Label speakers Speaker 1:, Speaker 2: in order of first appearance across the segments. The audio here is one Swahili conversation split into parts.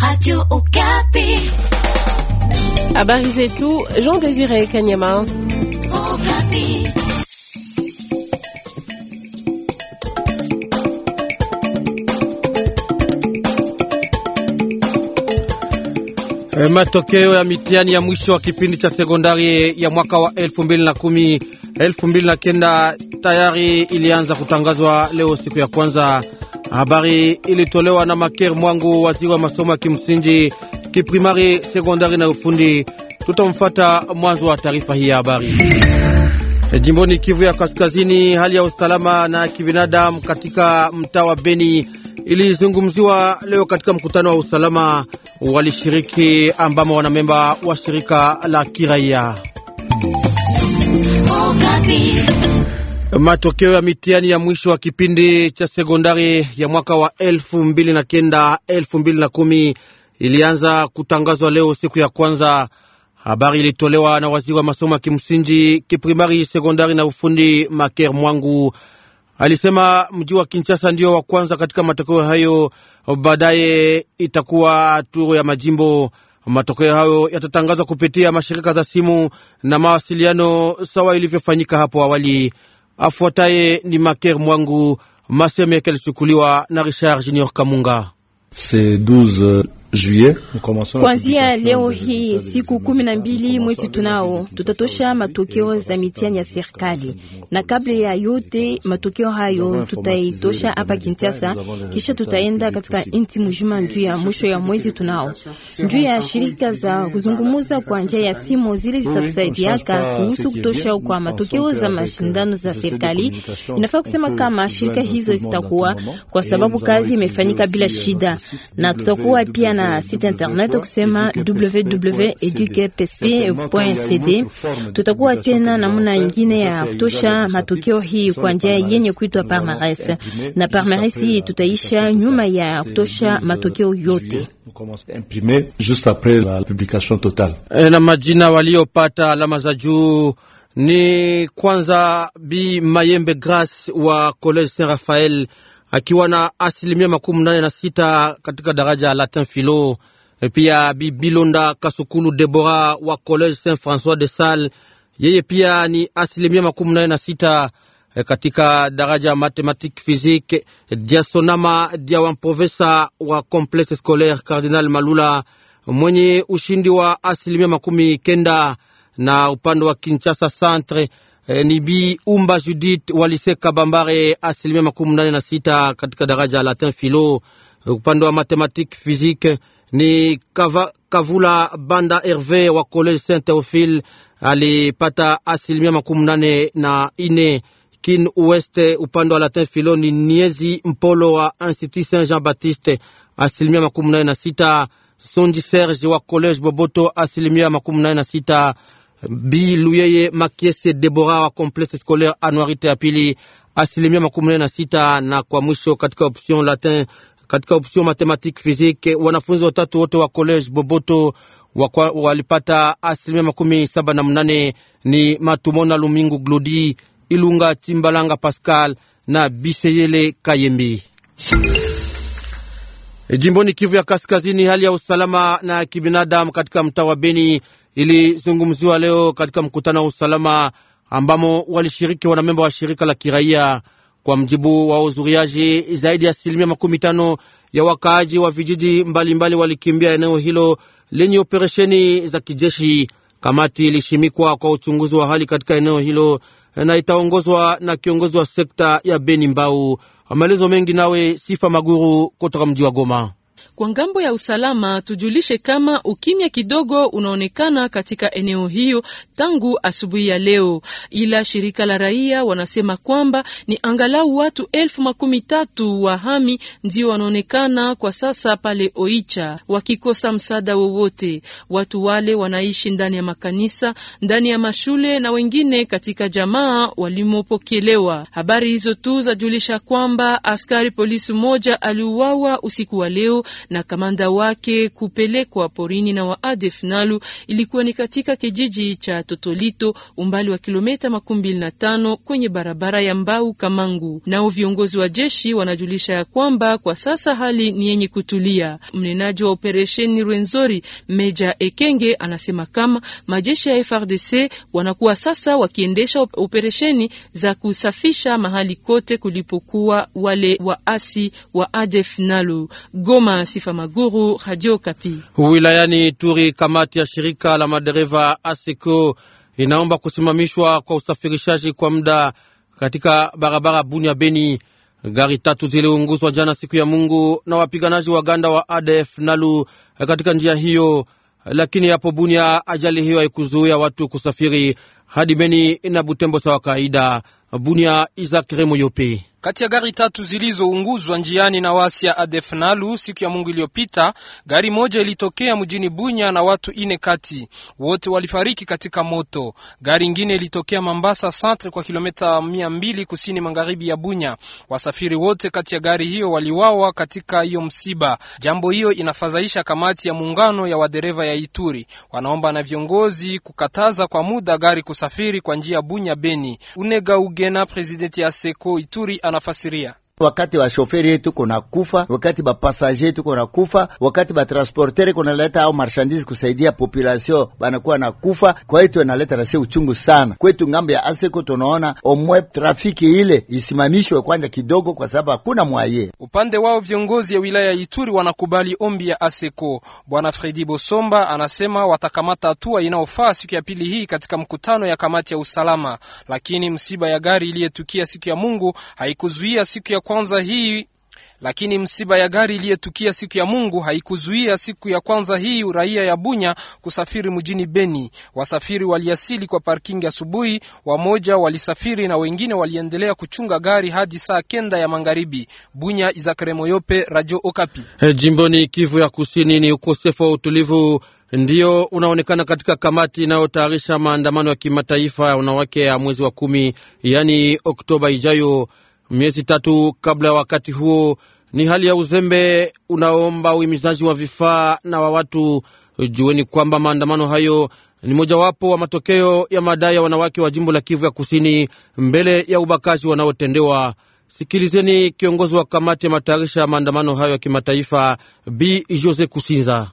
Speaker 1: Radio Okapi.
Speaker 2: Habari zetu, Jean Désiré Kanyama.
Speaker 1: Okapi.
Speaker 3: Eh, matokeo ya mitihani ya mwisho wa kipindi cha sekondari ya mwaka wa 2010 2009 tayari ilianza kutangazwa leo siku ya kwanza. Habari ilitolewa na Maker Mwangu, waziri wa masomo ya kimsingi, kiprimari, sekondari na ufundi. Tutamfuata mwanzo wa taarifa hii ya habari. Jimboni Kivu ya Kaskazini, hali ya usalama na kibinadamu katika mtaa wa Beni ilizungumziwa leo katika mkutano wa usalama walishiriki ambamo wanamemba wa shirika la kiraia. Oh, Matokeo ya mitihani ya mwisho wa kipindi cha sekondari ya mwaka wa elfu mbili na kenda elfu mbili na kumi ilianza kutangazwa leo siku ya kwanza. Habari ilitolewa na waziri wa masomo ya kimsingi kiprimari, sekondari na ufundi Maker Mwangu. Alisema mji wa Kinshasa ndio wa kwanza katika matokeo hayo, baadaye itakuwa turo ya majimbo. Matokeo hayo yatatangazwa kupitia mashirika za simu na mawasiliano sawa ilivyofanyika hapo awali. Afuataye ni Maker Mwangu, maseme yakalichukuliwa na Richard Junior Kamunga. Euh,
Speaker 4: Juye,
Speaker 1: kuanzia leo hii siku kumi na mbili mwezi tunao tutatosha matokeo za mitihani ya serikali, na kabla ya yote matokeo hayo tutaitosha hapa Kinshasa, kisha tutaenda katika nchi mjuma juu ya mwisho ya mwezi tunao, juu ya shirika za kuzungumuza kwa njia ya simu zile zitatusaidiaka kuhusu kutosha kwa matokeo za mashindano za serikali. Inafaa kusema kama shirika hizo zitakuwa, kwa sababu kazi imefanyika bila shida, na tutakuwa pia na site internet kusema www.edukepsp.cd. Tutakuwa tena namna ingine ya kutosha matukio hii kwa njia yenye kuitwa parmares, na parmares hii euh, tutaisha nyuma ya kutosha matukio
Speaker 5: yote
Speaker 3: eh, na majina waliopata alama za juu ni kwanza Bi Mayembe Grace wa College Saint Raphael akiwa na asilimia makumi nane na sita katika daraja Latin Filo. E, pia Bibilonda Kasukulu Debora wa College Saint Francois de Sal, yeye pia ni asilimia makumi nane na sita e, katika daraja Mathematique Physique. Diasonama Diawampovesa wa Complexe Scolaire Cardinal Malula mwenye ushindi wa asilimia makumi kenda na upande wa Kinshasa Centre eh, ni Bi Umba Judith Waliseka Bambare asilimia makumi nane na sita katika daraja la Latin Philo. Upande wa mathematique physique ni Kava, Kavula Banda Herve wa College Saint Theophile alipata asilimia makumi nane na ine. Kin Ueste upande wa Latin Philo ni Niezi Mpolo wa Institut Saint Jean Baptiste asilimia makumi nane na sita. Sonji Serge wa College Boboto asilimia makumi nane na sita Bi Luyeye Makiese Debora wa Complexe Scolaire Anuarite ya pili asilimia makumi na sita, na kwa mwisho katika option latin katika option mathematique physique wanafunzi watatu wote wa college Boboto wakwa, walipata asilimia makumi saba na mnane ni Matumona Lumingu Glodi Ilunga Chimbalanga Pascal na Biseyele Kayembi. E, jimboni Kivu ya Kaskazini, hali ya usalama na kibinadamu katika mtaa wa Beni ilizungumziwa leo katika mkutano wa usalama ambamo walishiriki wanamemba wa shirika la kiraia. Kwa mjibu wa uzuriaji, zaidi ya asilimia makumi tano ya wakaaji wa vijiji mbalimbali mbali walikimbia eneo hilo lenye operesheni za kijeshi. Kamati ilishimikwa kwa uchunguzi wa hali katika eneo hilo na itaongozwa na kiongozi wa sekta ya Beni Mbau Amalezo mengi nawe Sifa Maguru kutoka mji wa Goma.
Speaker 2: Kwa ngambo ya usalama, tujulishe kama ukimya kidogo unaonekana katika eneo hiyo tangu asubuhi ya leo, ila shirika la raia wanasema kwamba ni angalau watu elfu makumi tatu wahami ndio wanaonekana kwa sasa pale Oicha wakikosa msaada wowote. Watu wale wanaishi ndani ya makanisa, ndani ya mashule na wengine katika jamaa walimopokelewa. Habari hizo tu zajulisha kwamba askari polisi mmoja aliuawa usiku wa leo na kamanda wake kupelekwa porini na waadef Nalu ilikuwa ni katika kijiji cha Totolito umbali wa kilometa makumi mbili na tano kwenye barabara ya Mbau Kamangu. Nao viongozi wa jeshi wanajulisha ya kwamba kwa sasa hali ni yenye kutulia. Mnenaji wa operesheni Rwenzori Meja Ekenge anasema kama majeshi ya FRDC wanakuwa sasa wakiendesha operesheni za kusafisha mahali kote kulipokuwa wale waasi wa ADF Nalu Goma. Sifa Maguru, Radio Kapi.
Speaker 3: Wilayani turi kamati ya shirika la madereva ASECO inaomba kusimamishwa kwa usafirishaji kwa muda katika barabara Bunia Beni. Gari tatu ziliunguzwa jana siku ya Mungu na wapiganaji wa ganda wa ADF Nalu katika njia hiyo, lakini hapo Bunia ajali hiyo haikuzuia watu kusafiri hadi Beni na Butembo sawa kawaida. Bunia Isaac Moyope.
Speaker 4: Kati ya gari tatu zilizounguzwa njiani na wasi ya ADF Nalu siku ya Mungu iliyopita, gari moja ilitokea mjini Bunya na watu ine kati wote walifariki katika moto. Gari ingine ilitokea Mambasa Centre kwa kilomita mia mbili kusini magharibi ya Bunya. Wasafiri wote kati ya gari hiyo waliwawa katika hiyo msiba. Jambo hiyo inafadhaisha kamati ya muungano ya wadereva ya Ituri, wanaomba na viongozi kukataza kwa muda gari kusafiri kwa njia Bunya Beni Unega Mugena, presidenti ya Seko Ituri,
Speaker 5: anafasiria wakati bashoferi yetu kona kufa, wakati bapasaje yetu kona kufa, wakati batransportere konaleta au marshandise kusaidia population banakuwa na kufa. Kwa hiyo tunaleta nasi uchungu sana kwetu ngambo ya Aseko. Tunaona omwe trafiki ile isimamishwe kwanja kidogo, kwa sababu hakuna mwaye.
Speaker 4: Upande wao viongozi ya wilaya Ituri wanakubali ombi ya Aseko. Bwana Fredi Bosomba anasema watakamata hatua inayofaa siku ya pili hii katika mkutano ya kamati ya usalama, lakini msiba ya gari iliyetukia siku ya Mungu haikuzuia siku ya kwanza hii lakini msiba ya gari iliyetukia siku ya Mungu haikuzuia siku ya kwanza hii raia ya Bunya kusafiri mjini Beni. Wasafiri waliasili kwa parking asubuhi, wamoja walisafiri na wengine waliendelea kuchunga gari hadi saa kenda ya magharibi. Bunya, Izakare Moyope, Radio Okapi.
Speaker 3: Hey, eh, jimboni Kivu ya Kusini ni ukosefu wa utulivu ndio unaonekana katika kamati inayotayarisha maandamano ya kimataifa ya wanawake ya mwezi wa kumi, yaani Oktoba ijayo miezi tatu kabla ya wakati huo. Ni hali ya uzembe unaomba uhimizaji wa vifaa na wa watu. Jueni kwamba maandamano hayo ni mojawapo wa matokeo ya madai ya wanawake wa jimbo la Kivu ya Kusini mbele ya ubakaji wanaotendewa. Sikilizeni kiongozi wa kamati ya matayarisha ya maandamano hayo ya kimataifa, B Jose
Speaker 5: Kusinza.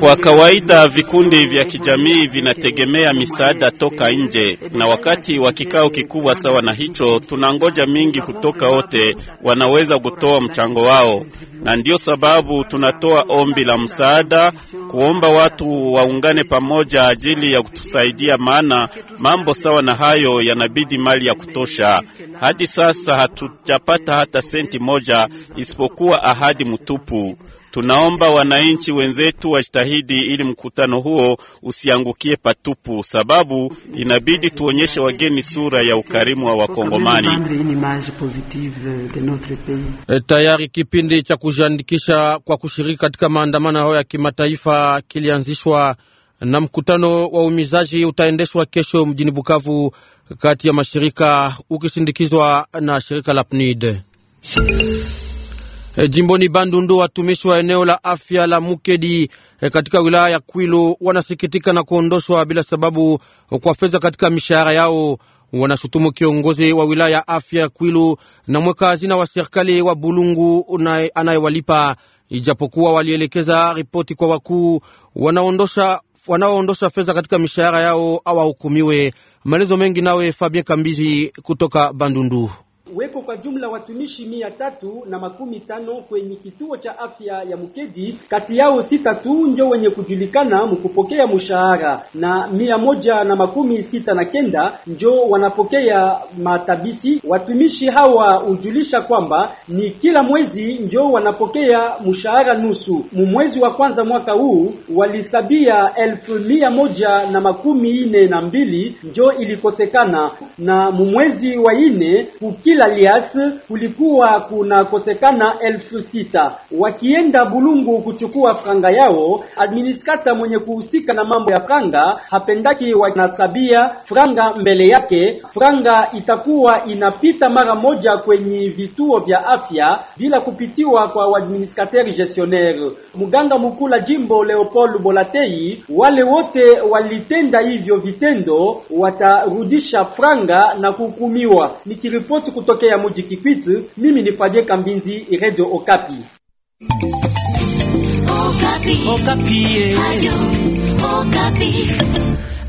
Speaker 5: Kwa kawaida vikundi vya kijamii vinategemea misaada toka nje, na wakati wa kikao kikubwa sawa na hicho, tunangoja mingi kutoka wote wanaweza kutoa mchango wao, na ndiyo sababu tunatoa ombi la msaada, kuomba watu waungane pamoja ajili ya kutusaidia, maana mambo sawa na hayo yanabidi mali ya kutosha. Hadi sasa hatujapata hata senti moja isipokuwa ahadi mtupu. Tunaomba wananchi wenzetu wajitahidi ili mkutano huo usiangukie patupu, sababu inabidi tuonyeshe wageni sura ya ukarimu wa Wakongomani.
Speaker 3: E, tayari kipindi cha kujiandikisha kwa kushiriki katika maandamano hayo ya kimataifa kilianzishwa na mkutano wa umizaji utaendeshwa kesho mjini Bukavu kati ya mashirika ukisindikizwa na shirika la PNID. E, jimboni Bandundu watumishi wa eneo la afya la Mukedi e, katika wilaya ya Kwilu wanasikitika na kuondoshwa bila sababu kwa fedha katika mishahara yao. Wanashutumu kiongozi wa wilaya ya afya ya Kwilu na mweka hazina wa serikali wa Bulungu anayewalipa, ijapokuwa walielekeza ripoti kwa wakuu wanaondosha wanaoondosha fedha katika mishahara yao awahukumiwe. Maelezo mengi nawe Fabien Kambizi kutoka Bandundu
Speaker 5: weko kwa jumla watumishi mia tatu na makumi tano kwenye kituo cha afya ya Mukedi. Kati yao sita tu ndio wenye kujulikana mkupokea mshahara na mia moja na makumi sita na kenda ndio wanapokea matabishi. Watumishi hawa hujulisha kwamba ni kila mwezi ndio wanapokea mshahara nusu. Mumwezi wa kwanza mwaka huu walisabia elfu mia moja na makumi ine na mbili ndio ilikosekana, na mumwezi wa ine kukila lias kulikuwa kunakosekana elfu sita. Wakienda Bulungu kuchukua franga yao, administrata mwenye kuhusika na mambo ya franga hapendaki wanasabia franga mbele yake. Franga itakuwa inapita mara moja kwenye vituo vya afya bila kupitiwa kwa waadministrateur gestionnaire. Mganga mkuu la jimbo Leopold Bolatei, wale wote walitenda hivyo vitendo watarudisha franga na kuhukumiwa. Nikiripoti kutokea muji Kikwitu. Mimi ni Fadie Kambinzi, Radio Okapi.
Speaker 2: Okapi. Okapi.